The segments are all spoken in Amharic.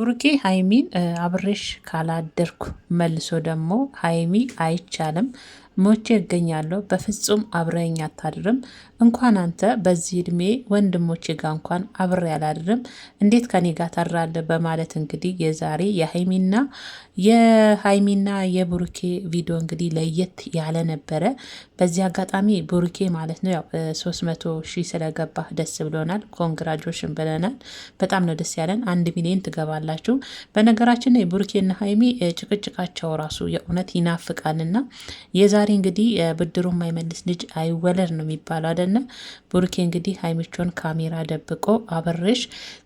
ብሩኬ ሀይሚን አብሬሽ ካላደርኩ መልሶ ደግሞ ሀይሚ አይቻልም ሞቼ እገኛለሁ። በፍጹም አብረኝ አታድርም። እንኳን አንተ በዚህ እድሜ ወንድሞቼ ጋር እንኳን አብሬ አላድርም። እንዴት ከኔ ጋር ታድራለህ? በማለት እንግዲህ የዛሬ የሀይሚና የሀይሚና የብሩኬ ቪዲዮ እንግዲህ ለየት ያለ ነበረ። በዚህ አጋጣሚ ብሩኬ ማለት ነው ያው ሶስት መቶ ሺህ ስለገባህ ደስ ብሎናል። ኮንግራጆሽን ብለናል። በጣም ነው ደስ ያለን። አንድ ሚሊዮን ትገባላችሁ። በነገራችን ብሩኬና ሀይሚ ጭቅጭቃቸው ራሱ የእውነት ይናፍቃልና የዛሬ ዛሬ እንግዲህ ብድሩ የማይመልስ ልጅ አይወለድ ነው የሚባለው አይደለም። ብሩኬ እንግዲህ ሀይሚቾን ካሜራ ደብቆ አበርሽ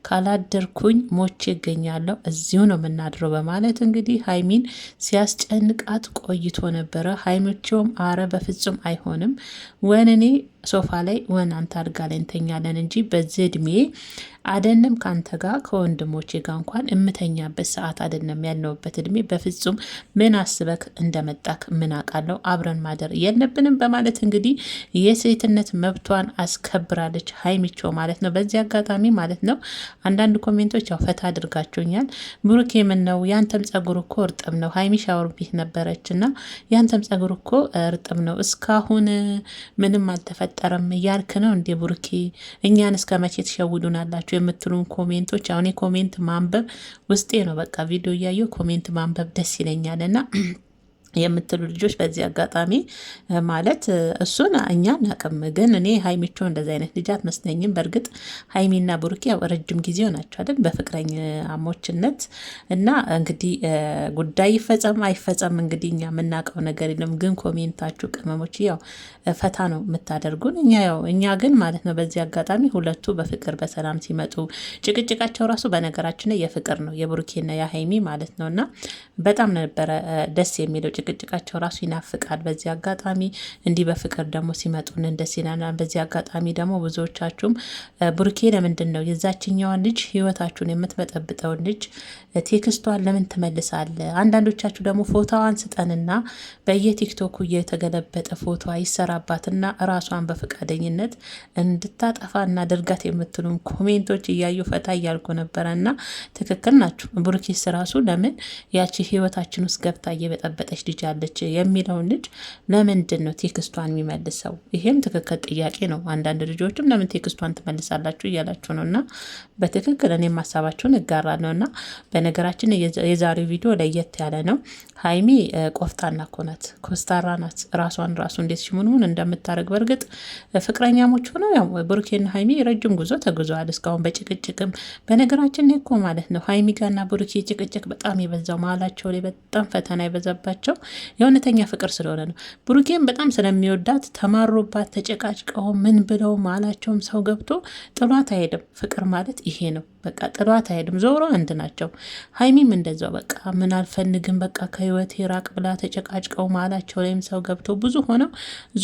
ካላደርኩኝ ሞቼ ይገኛለሁ እዚሁ ነው የምናድረው በማለት እንግዲህ ሀይሚን ሲያስጨንቃት ቆይቶ ነበረ። ሀይሚቾም አረ በፍጹም አይሆንም እኔ ሶፋ ላይ ወን አንተ አድጋ ላይ እንተኛለን እንጂ በዚህ እድሜ አደንም ከአንተ ጋር ከወንድሞቼ ጋር እንኳን እምተኛበት ሰዓት አደነም ያለውበት እድሜ በፍጹም ምን አስበክ እንደመጣክ ምን አውቃለሁ። አብረን ማደር የለብንም በማለት እንግዲህ የሴትነት መብቷን አስከብራለች ሀይሚቾ ማለት ነው። በዚህ አጋጣሚ ማለት ነው አንዳንድ ኮሜንቶች ያው ፈታ አድርጋችሁኛል። ብሩኬ የምን ነው ያንተም ጸጉር እኮ እርጥብ ነው። ሀይሚ ሻወር ቤት ነበረች እና ያንተም ጸጉር እኮ እርጥብ ነው። እስካሁን ምንም አልተፈ አይፈጠርም እያልክ ነው እንዴ ቡርኪ? እኛን እስከ መቼ ትሸውዱናላችሁ? የምትሉን ኮሜንቶች አሁን ኮሜንት ማንበብ ውስጤ ነው። በቃ ቪዲዮ እያየሁ ኮሜንት ማንበብ ደስ ይለኛል እና የምትሉ ልጆች በዚህ አጋጣሚ ማለት እሱን እኛ አናቅም፣ ግን እኔ ሀይሚቾ እንደዚ አይነት ልጅ አትመስለኝም። በእርግጥ ሀይሚና ብሩኬ ያው ረጅም ጊዜ ሆናቸው አይደል አሞችነት እና እንግዲህ ጉዳይ ይፈጸም አይፈጸም እንግዲህ እኛ የምናውቀው ነገር የለም። ግን ኮሜንታችሁ ቅመሞች ያው ፈታ ነው የምታደርጉን። እኛ ያው እኛ ግን ማለት ነው በዚህ አጋጣሚ ሁለቱ በፍቅር በሰላም ሲመጡ ጭቅጭቃቸው ራሱ በነገራችን የፍቅር ነው የብሩኬና የሀይሚ ማለት ነው እና በጣም ነበረ ደስ የሚለው ጭቅጭቃቸው ራሱ ይናፍቃል። በዚህ አጋጣሚ እንዲህ በፍቅር ደግሞ ሲመጡን ደስ ይለናል። በዚህ አጋጣሚ ደግሞ ብዙዎቻችሁም ቡርኬ ለምንድን ነው የዛችኛዋን ልጅ ህይወታችሁን የምትመጠብጠውን ልጅ ቴክስቷን ለምን ትመልሳለ? አንዳንዶቻችሁ ደግሞ ፎቶዋን ስጠንና በየቲክቶኩ እየተገለበጠ ፎቶ ይሰራባትና ራሷን በፈቃደኝነት እንድታጠፋ እናደርጋት የምትሉም ኮሜንቶች እያዩ ፈታ እያልኩ ነበረ እና ትክክል ናችሁ። ቡርኬስ ራሱ ለምን ያቺ ህይወታችን ውስጥ ገብታ እየበጠበጠች ትወስጃለች የሚለውን ልጅ ለምንድን ነው ቴክስቷን የሚመልሰው? ይሄም ትክክል ጥያቄ ነው። አንዳንድ ልጆችም ለምን ቴክስቷን ትመልሳላችሁ እያላችሁ ነው እና በትክክል እኔም ሀሳባችሁን እጋራለሁ እና በነገራችን የዛሬው ቪዲዮ ለየት ያለ ነው። ሀይሚ ቆፍጣና እኮ ናት፣ ኮስታራ ናት። ራሷን ራሱ እንዴት ሽሙንሙን እንደምታደርግ በእርግጥ ፍቅረኛሞች ሆነው ያው ብሩኬና ሀይሚ ረጅም ጉዞ ተጉዘዋል እስካሁን በጭቅጭቅም በነገራችን ላይ እኮ ማለት ነው ሀይሚ ጋርና ብሩኬ ጭቅጭቅ በጣም የበዛው መሀላቸው ላይ በጣም ፈተና የበዛባቸው የእውነተኛ ፍቅር ስለሆነ ነው። ብሩኬም በጣም ስለሚወዳት ተማሮባት፣ ተጨቃጭቀው ምን ብለው ማላቸውም ሰው ገብቶ ጥሏት አይሄድም። ፍቅር ማለት ይሄ ነው። በቃ ጥሏት አይሄድም። ዞሮ አንድ ናቸው። ሀይሚም እንደዛው በቃ ምን አልፈልግም በቃ ከህይወት ራቅ ብላ ተጨቃጭቀው ማላቸው ላይም ሰው ገብቶ ብዙ ሆነው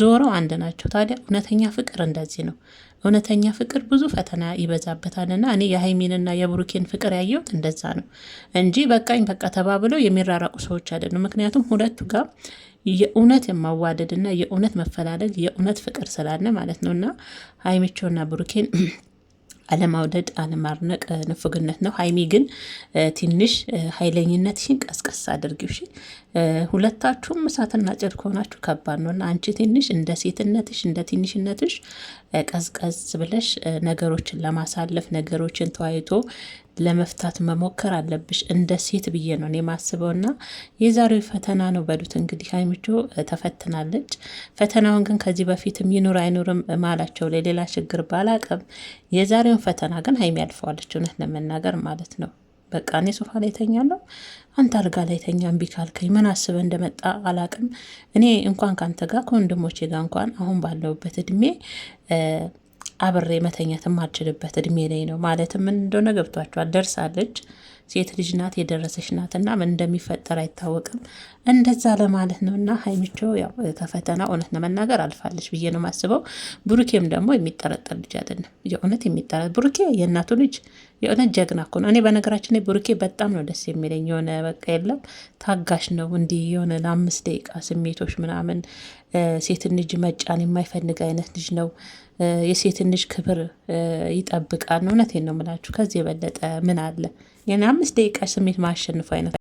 ዞረው አንድ ናቸው። ታዲያ እውነተኛ ፍቅር እንደዚህ ነው። እውነተኛ ፍቅር ብዙ ፈተና ይበዛበታልና እኔ የሀይሚንና የብሩኬን ፍቅር ያየሁት እንደዛ ነው እንጂ በቃኝ በቃ ተባብለው የሚራራቁ ሰዎች አይደሉም። ምክንያቱም ሁለቱ ጋር የእውነት የማዋደድና የእውነት መፈላለግ የእውነት ፍቅር ስላለ ማለት ነው እና ሀይሚቸውና ብሩኬን አለማውደድ አለማድነቅ ንፉግነት ነው። ሀይሚ ግን ትንሽ ኃይለኝነትሽን ቀስቀስ አድርጊው። እሺ ሁለታችሁም እሳትና ጭድ ከሆናችሁ ከባድ ነው እና አንቺ ትንሽ እንደ ሴትነትሽ እንደ ትንሽነትሽ ቀዝቀዝ ብለሽ ነገሮችን ለማሳለፍ ነገሮችን ተዋይቶ ለመፍታት መሞከር አለብሽ እንደ ሴት ብዬ ነው የማስበው። እና የዛሬው ፈተና ነው በሉት እንግዲህ ሀይሚቾ ተፈትናለች። ፈተናውን ግን ከዚህ በፊትም ይኑር አይኑርም ማላቸው ለሌላ ችግር ባላቅም የዛሬውን ፈተና ግን ሀይሚ ያልፈዋለች እውነት ለመናገር ማለት ነው። በቃ እኔ ሶፋ ላይ ተኛለሁ፣ አንተ አልጋ ላይ ተኛ እምቢ ካልከኝ ምን አስበ እንደመጣ አላቅም። እኔ እንኳን ከአንተ ጋር ከወንድሞቼ ጋር እንኳን አሁን ባለውበት እድሜ አብሬ መተኛት የማልችልበት እድሜ ላይ ነው ማለትም ምን እንደሆነ ገብቷቸዋል። ደርሳለች ሴት ልጅ ናት፣ የደረሰች ናት እና ምን እንደሚፈጠር አይታወቅም። እንደዛ ለማለት ነው እና ሀይሚቾ ያው ከፈተና እውነት ለመናገር አልፋለች ብዬ ነው የማስበው። ብሩኬም ደግሞ የሚጠረጠር ልጅ አይደለም። የእውነት የሚጠረጥ ብሩኬ የእናቱ ልጅ የእውነት ጀግና እኮ ነው። እኔ በነገራችን ላይ ብሩኬ በጣም ነው ደስ የሚለኝ። የሆነ በቃ የለም ታጋሽ ነው። እንዲህ የሆነ ለአምስት ደቂቃ ስሜቶች ምናምን ሴትን ልጅ መጫን የማይፈልግ አይነት ልጅ ነው። የሴትን ልጅ ክብር ይጠብቃል። እውነቴን ነው የምላችሁ። ከዚህ የበለጠ ምን አለ? የአምስት ደቂቃ ስሜት ማሸንፍ አይነት